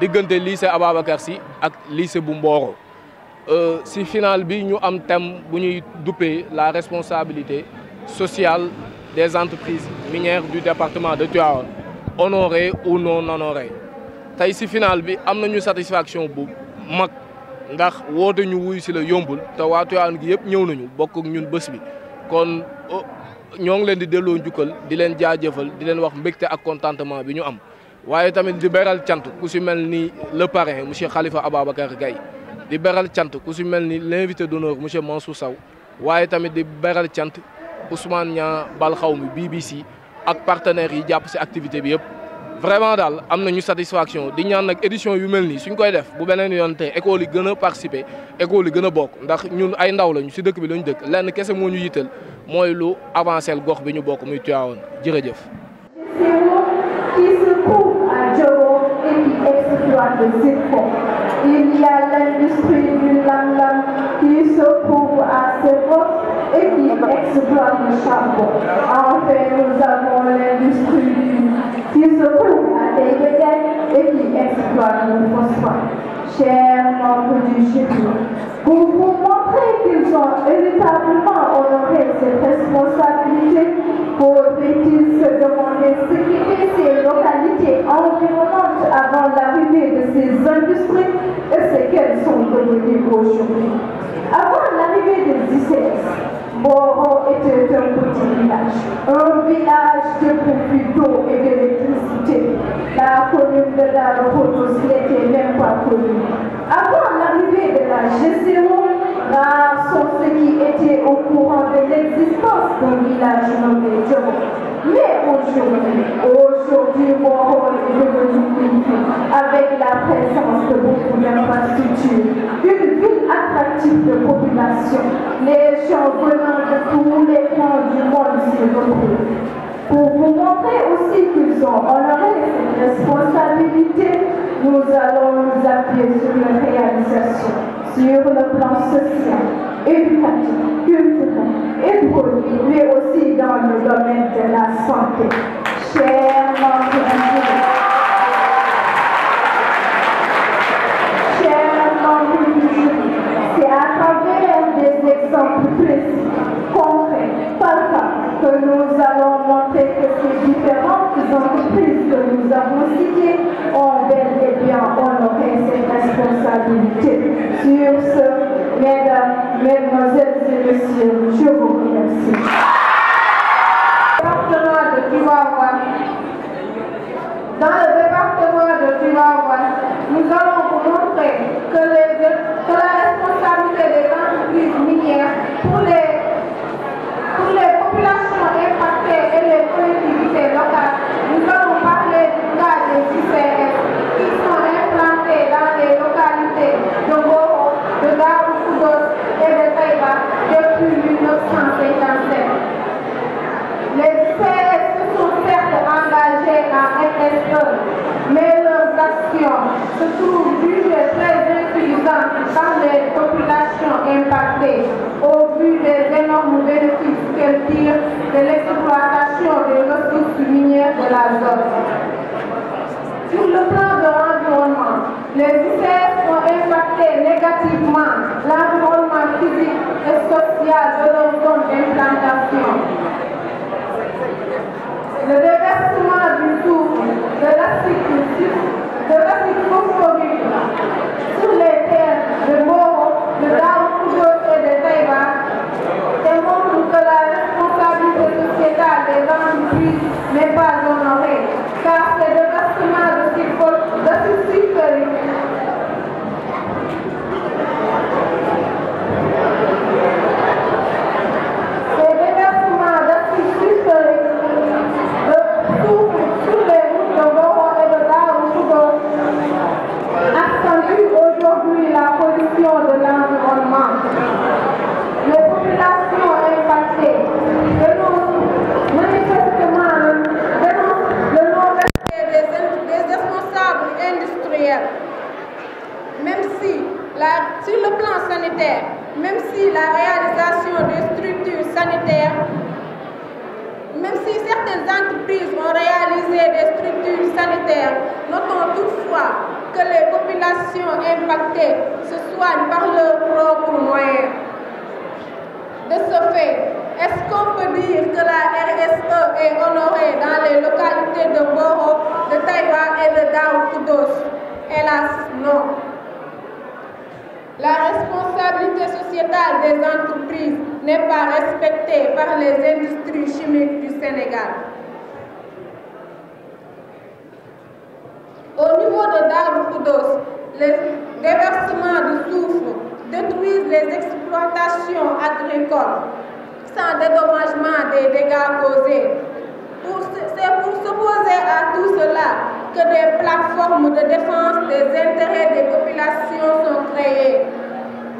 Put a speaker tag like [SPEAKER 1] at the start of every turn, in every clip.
[SPEAKER 1] diggante lycée Ababakar Sy ak lycée bu Mboro ci euh, final bi ñu am thème bu ñuy doupé la responsabilité sociale des entreprises minières du département de Tivaouane honoré ou non honoré tay ci final bi am nañu satisfaction bu mag ndax woote ñu wuy ci la yombul te wa Tivaouane gi yépp ñëw nañu bokk ñun bëss bi kon oh, ñoo ngi leen di delloo njukkal di leen jaajeufal di leen wax mbégte ak contentement bi ñu am waye tamit di beral cant ku si mel le parrain monsieur Khalifa ababakar gay di beral cant ku si mel l'invité d'honneur monsieur Mansour saw waye tamit di beral cant Ousmane nya bal xaw BBC ak partenaire yi japp ci activité bi yëpp. vraiment dal amna ñu satisfaction di ñaan nak édition yu melni suñ koy def bu benen yonté école yi gëna participer école yi gëna bok ndax ñun ay ndaw lañu ci dëkk bi lañu dëkk lenn kessé moo ñu yitteel mooy lu avancé gox bi ñu bok muy Tivaouane jërëjëf
[SPEAKER 2] qui se trouve à Djogo et qui exploite le zircon. Il y a l'industrie du Lam qui se trouve à Sebok et qui exploite le charbon. Enfin, nous avons l'industrie qui se trouve à Tegbeden et qui exploite le phosphore. Chers membres du pour vous montrer qu'ils ont véritablement honoré cette responsabilité, pour ils se demander ce qui localités environnantes avant l'arrivée de ces industries et ce qu'elles sont devenues aujourd'hui. Avant l'arrivée des ICS, Moro était un petit village, un village de dépourvu d'eau et d'électricité. La commune de la Rotos n'était même pas connue. Avant l'arrivée de la GCO, rares sont ceux qui étaient au courant aujourd'hui mon rôle est devenu avec la présence de beaucoup d'infrastructures. Une ville attractive de population, les gens venant de tous les coins du monde s'y retrouvent. Pour vous montrer aussi qu'ils ont honoré cette responsabilité, nous allons nous appuyer sur une réalisation, sur le plan social, éducatif, culturel, économique, mais aussi dans le domaine de la santé. Chers Chers, c'est à travers des exemples précis, concrets, parfaits, que nous allons montrer que ces différentes entreprises que nous avons citées ont bien honoré ses responsabilités sur ce mesdames, mesdemoiselles et messieurs, je sur le plan sanitaire, même si la réalisation de structures sanitaires, même si certaines entreprises ont réalisé des structures sanitaires, notons toutefois que les populations impactées se soignent par leurs propres moyens. De ce fait, est-ce qu'on peut dire que la RSE est honorée dans les localités de Boro, de Taïwan et de Dao Hélas, non. La responsabilité sociétale des entreprises n'est pas respectée par les industries chimiques du Sénégal. Au niveau de Darou les déversements de soufre détruisent les exploitations agricoles sans dédommagement des dégâts causés. C'est pour s'opposer à tout cela que des plateformes de défense des intérêts des populations sont créées.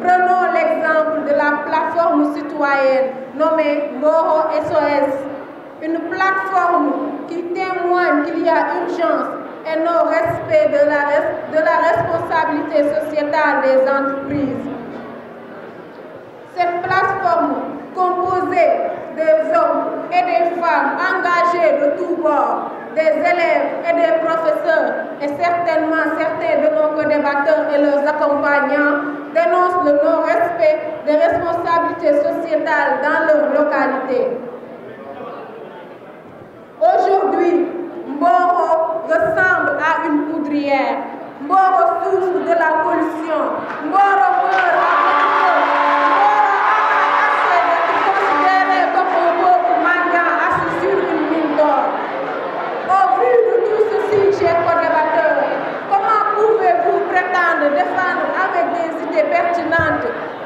[SPEAKER 2] Prenons l'exemple de la plateforme citoyenne nommée Moro SOS, une plateforme qui témoigne qu'il y a urgence et non-respect de la, de la responsabilité sociétale des entreprises. Cette plateforme, composée des hommes et des femmes engagés de tous bords, des élèves et des professeurs et certainement certains de nos co-débatteurs et leurs accompagnants dénoncent le non-respect des responsabilités sociétales dans leur localité. Aujourd'hui, Mboro ressemble à une poudrière. Mboro souffre de la pollution. Mboro la à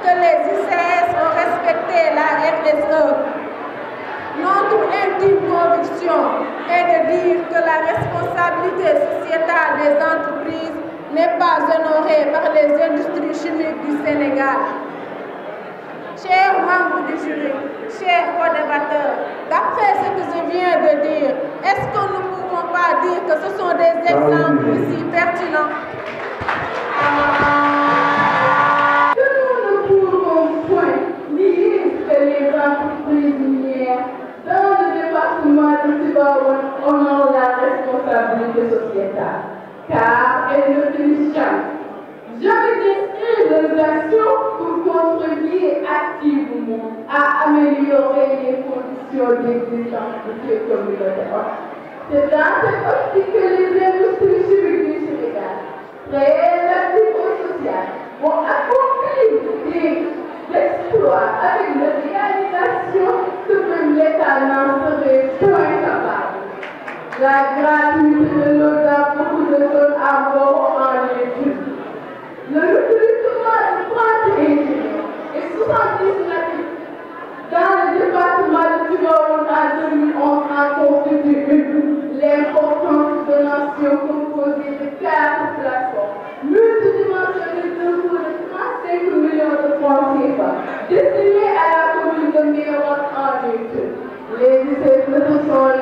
[SPEAKER 2] que les ICS ont respecté la RSE. Notre intime conviction est de dire que la responsabilité sociétale des entreprises n'est pas honorée par les industries chimiques du Sénégal. Chers membres du jury, chers co d'après ce que je viens de dire, est-ce que nous ne pouvons pas dire que ce sont des exemples aussi pertinents à améliorer les conditions d'existence de ces communautés. C'est dans cette optique que les industries et du Sénégal, très la au sociale, vont accomplir des exploits avec une réalisation que même l'État n'en serait incapables. capable. La gratuité de l'eau pour beaucoup de zones à vous qui ont composé de quatre plafonds multidimensionnés de de 35 millions de francs CFA destinés à la commune de Miramont en lutte. Les sont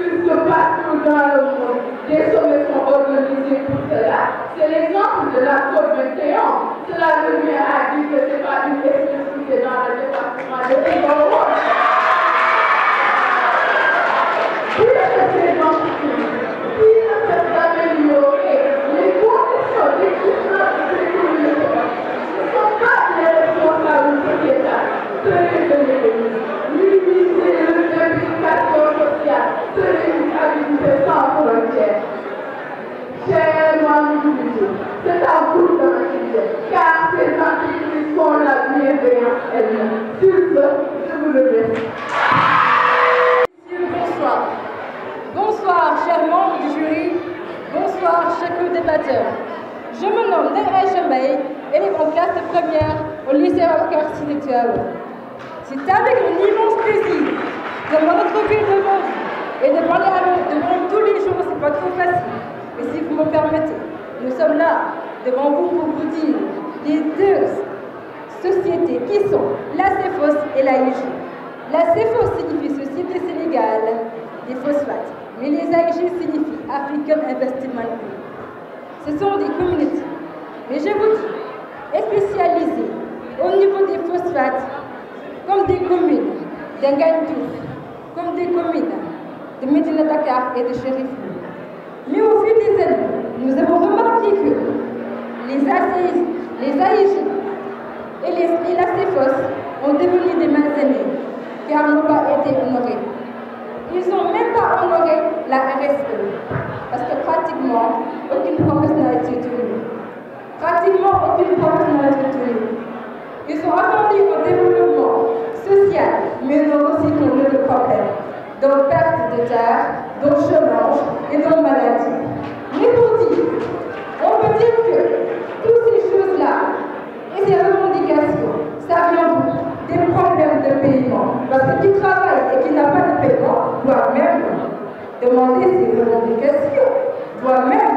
[SPEAKER 2] se partout dans le monde. Des sommets sont organisés pour cela. C'est l'exemple de la COP 21. Cela revient à dire que ce n'est pas une est dans le département de l'État. elle je vous le bonsoir. Bonsoir, chers membres du jury. Bonsoir, chers débatteurs. Je me nomme Dera Chambay, élève en classe de première au lycée Valcarcy de C'est avec un immense plaisir de me retrouver devant vous et de parler avec devant tous les jours, c'est pas trop facile. Mais si vous me permettez, nous sommes là devant vous pour vous dire les deux sociétés qui sont la CEFOS et la La CFOS signifie Société Sénégale des phosphates, mais les AIG signifient African Investment Group. Ce sont des communautés. Mais je vous dis, spécialisées au niveau des phosphates, comme des communes d'Engantou, comme des communes de Medina Dakar et de Sherif. Mais au fil des années, nous avons remarqué que les ACI, les AIG et, les, la CFOS ont devenu des aînées, car n'ont pas été honorés. Ils n'ont même pas honoré la RSE, parce que pratiquement aucune promesse n'a été tenue. Pratiquement aucune promesse n'a été tenue. Ils ont attendu au développement social, mais ont aussi connu le problème donc perte de terre, donc chômage et donc maladie. Mais pour dire, on peut dire que toutes ces choses-là, et ces parce qu'il travaille et qu'il n'a pas de paiement, doit même demander ses revendications, doit même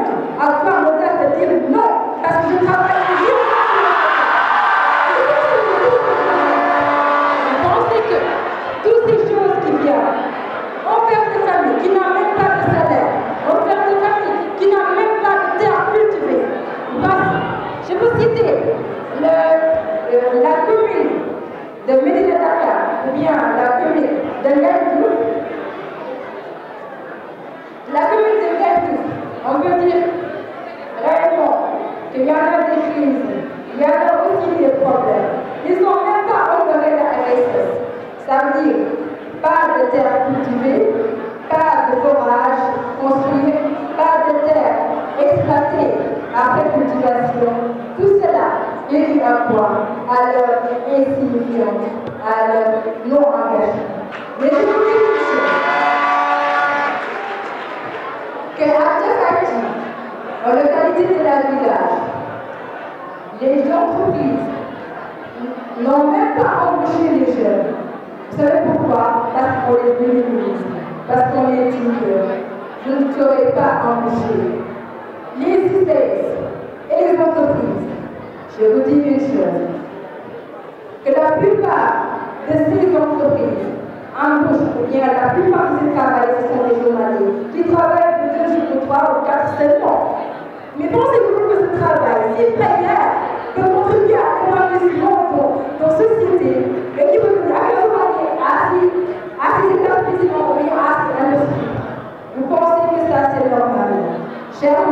[SPEAKER 2] tout cela est lié à quoi À leur insignifiance, à leur non-engagement. Mais je vous dis que Artefacti, en localité de la village, les entreprises n'ont même pas embauché les jeunes. Vous savez pourquoi Parce qu'on est minimise, parce qu'on est tuteur. Je ne t'aurais pas embauché. Les espèces les entreprises, je vous dis une chose, que la plupart de ces entreprises embauchent, ou bien la plupart de ces travailleurs, ce sont des journalistes, qui travaillent de deux jours, de trois ou quatre seulement. Mais pensez-vous que ce travail, si précaire, peut contribuer à l'épanouissement de nos sociétés et qui peut nous accompagner à ces établissements ou bien à ces industries Vous pensez que ça, c'est normal Chers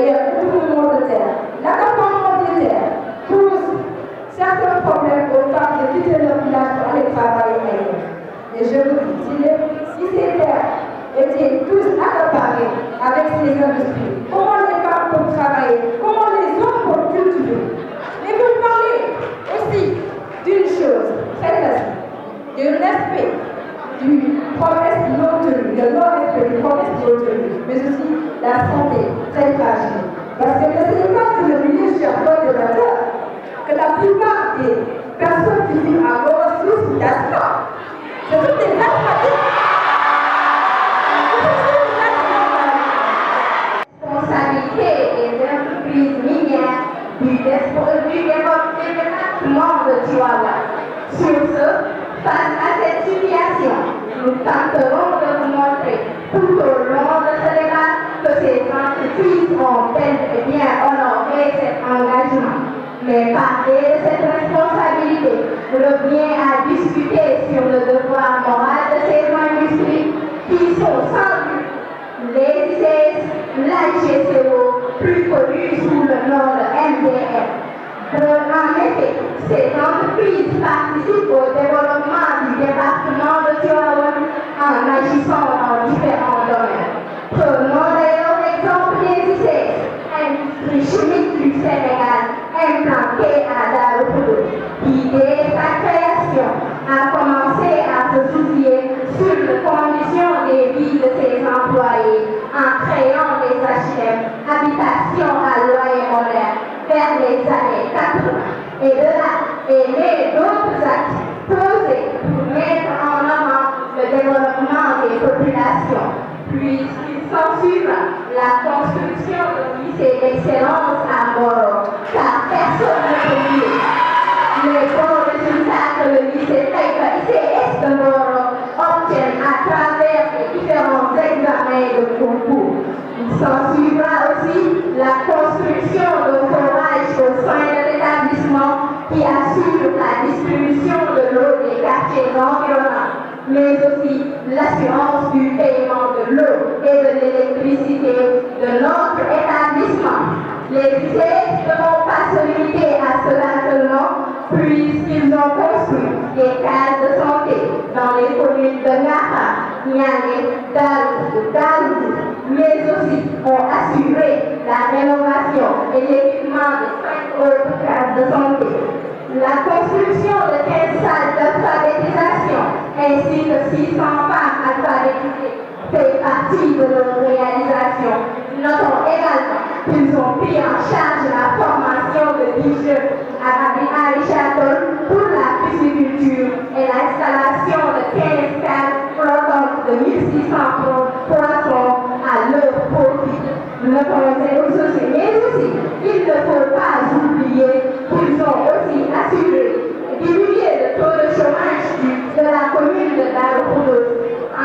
[SPEAKER 2] et tout le monde de terre. L'accompagnement des terres pose certains problèmes aux femmes de quitter leur village pour aller travailler ailleurs. Et je vous dis, si ces terres étaient tous accaparées avec ces industries, comment les femmes pour travailler Comment les hommes pour cultiver Mais vous parlez aussi d'une chose très facile, de l'aspect du promesse non tenue, de non-respect du promesse non tenue, mais aussi la santé cette page-là. Parce que le Ces Cette entreprise participe au développement du département de Tivaouane en agissant dans différents domaines. Ce modèle d'exemple des industrie chimique du Sénégal, implantée à Daropoulou, qui, dès sa création, a commencé à se soucier sur les conditions des vies de ses employés en créant des HM Ele l'assurance du paiement de l'eau et de l'électricité de notre établissement. Les lycées ne vont pas se limiter à cela seulement, puisqu'ils ont construit des cases de santé dans les communes de Nara, Niané, Dalou, Dalou, mais aussi ont assuré la rénovation et l'équipement de cinq autres cases de santé. La construction de 15 salles d'alphabétisation ainsi que 600 pas alphabétisés fait partie de nos réalisations. Notons également qu'ils ont pris en charge la formation de 10 jeux à Rabbi pour la pisciculture et l'installation de 15 cases flottantes de 1600 poissons à leur profit. Le conseil aussi, mais aussi, il ne faut pas oublier qu'ils ont aussi assuré diminuer le taux de chômage de la commune de Darou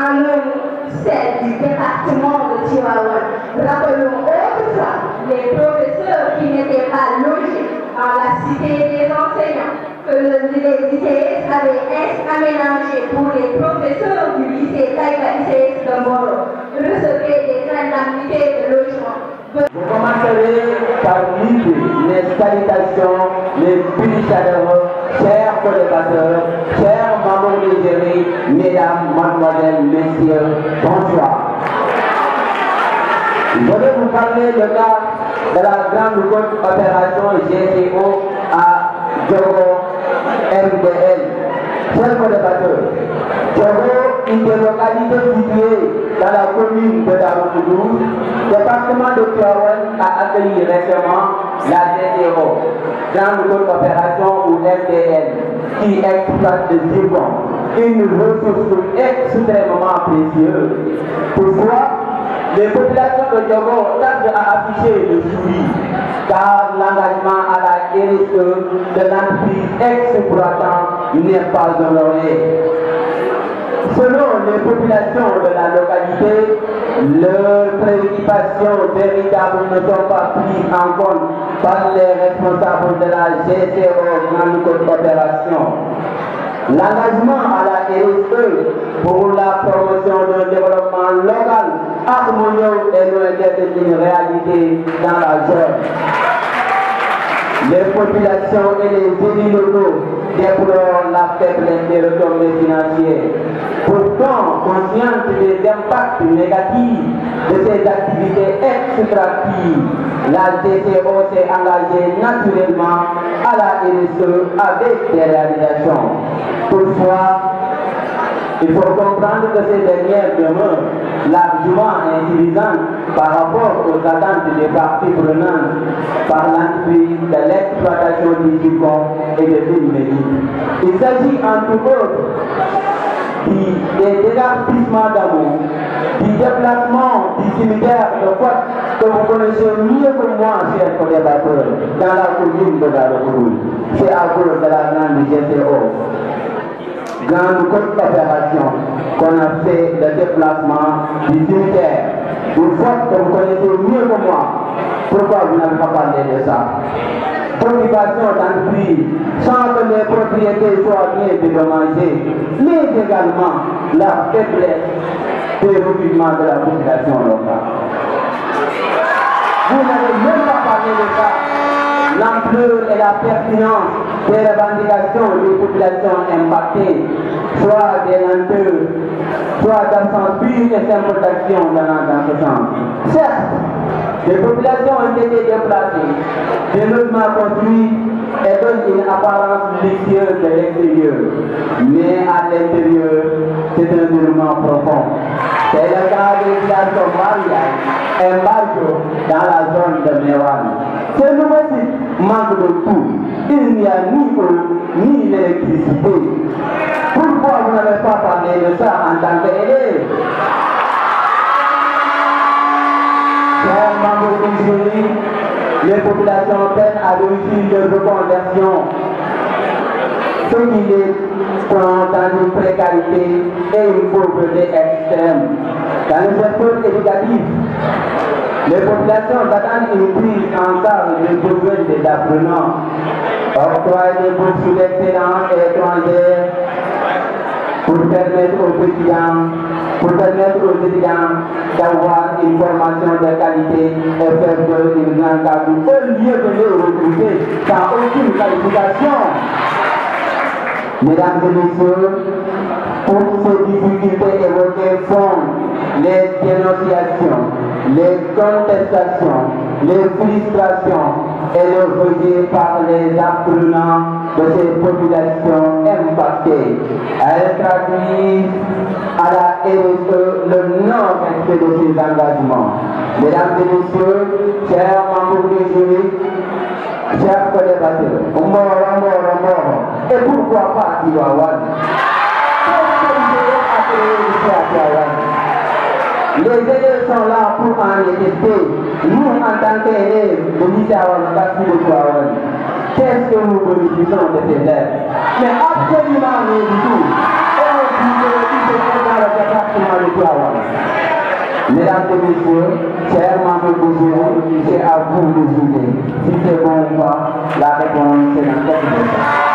[SPEAKER 2] en un celle du département de Tiwawan. Rappelons autrefois les professeurs qui n'étaient pas logés dans la cité des enseignants que le les avait avaient aménagé pour les professeurs du lycée Taïga ICS de Moro recevaient des indemnités de logement. Vous commencerez
[SPEAKER 3] par livrer les salutations les plus chaleureux, chers collaborateurs, chers membres des Mesdames, Mademoiselles, Messieurs, bonsoir. Je vais vous parler de la, de la grande opération GCO à Djoko MDL. Chers collaborateurs, Djoko est une localité située dans la commune de Le département de Kiawen a accueilli récemment la GCO, grande opération ou MDL, qui exploite de zircon une ressource extrêmement précieuse. Pourquoi Les populations de Diogo tardent à afficher le suivi, car l'engagement à la RSE de l'entreprise exploitant n'est pas honoré. Selon les populations de la localité, leurs préoccupations véritables ne sont pas prises en compte par les responsables de la GCO Grande Coopération l'engagement à la RSE pour la promotion d'un développement local harmonieux et non une réalité dans la zone. Les populations et les élus locaux déplorent la faible des retombées Pourtant, consciente des impacts négatifs de ces activités extractives, la DCO s'est engagée naturellement à la RSE avec des réalisations. Toutefois, il faut comprendre que ces dernières demeurent largement insuffisantes par rapport aux attentes des parties prenantes par l'entreprise de l'exploitation du Yukon et de l'île Il s'agit en tout cas, des dégarpissements d'amour, du déplacement du cimetière de quoi que vous connaissez mieux que moi, chers collaborateurs, dans la commune de la Rouge. C'est à cause de la grande GTO grande coopération, qu'on a fait le déplacement du militaire. Une fois que vous connaissez mieux que moi, pourquoi vous n'avez pas parlé de ça d'un puits sans que les propriétés soient bien dédommagées, mais également la faiblesse des recrutements de la population locale. Vous n'avez même pas parlé de ça. L'ampleur et la pertinence des revendications des populations impactées soit des lenteurs, soit d'absence pure et simple dans, ce sens. Certes, les populations ont été déplacées, des logements construits et donnent une apparence luxueuse de l'extérieur. Mais à l'intérieur, c'est un mouvement profond. C'est le cas des la comme Mariage, dans la zone de Mewan. Ce nouveau site manque de tout. Il n'y a ni eau, ni
[SPEAKER 4] électricité.
[SPEAKER 3] Pourquoi vous n'avez pas parlé de ça en tant qu'élève Chers membres du jury, les populations peinent à réussir de reconversion. Ceux qui les sont dans une précarité et une pauvreté extrême. Dans le secteur éducatif, les populations attendent une prise en charge de besoins des apprenants. Octroyer des bourses d'excellence étrangères pour permettre aux étudiants pour permettre d'avoir une formation de qualité et faire de une lieu de les sans aucune qualification, Mesdames et messieurs, toutes ces difficultés évoquées sont les dénonciations, les contestations, les frustrations et le par les apprenants de ces populations impactées. Elle traduit à la RSE le nom respect de ses engagements. Mesdames et messieurs, chers membres du jury, chers collaborateurs, mort, mort, mort. Et pourquoi pas Tiwawan les élèves sont là pour en détecter. Nous, en tant qu'élèves, nous disons à Wawan, qu'est-ce que nous bénéficions de ces lèvres Mais absolument rien du tout. Et on dit que tu dans le département de Tiawan. Mesdames et messieurs, chers membres de jury, c'est à vous de juger si c'est bon ou pas. La réponse est dans cette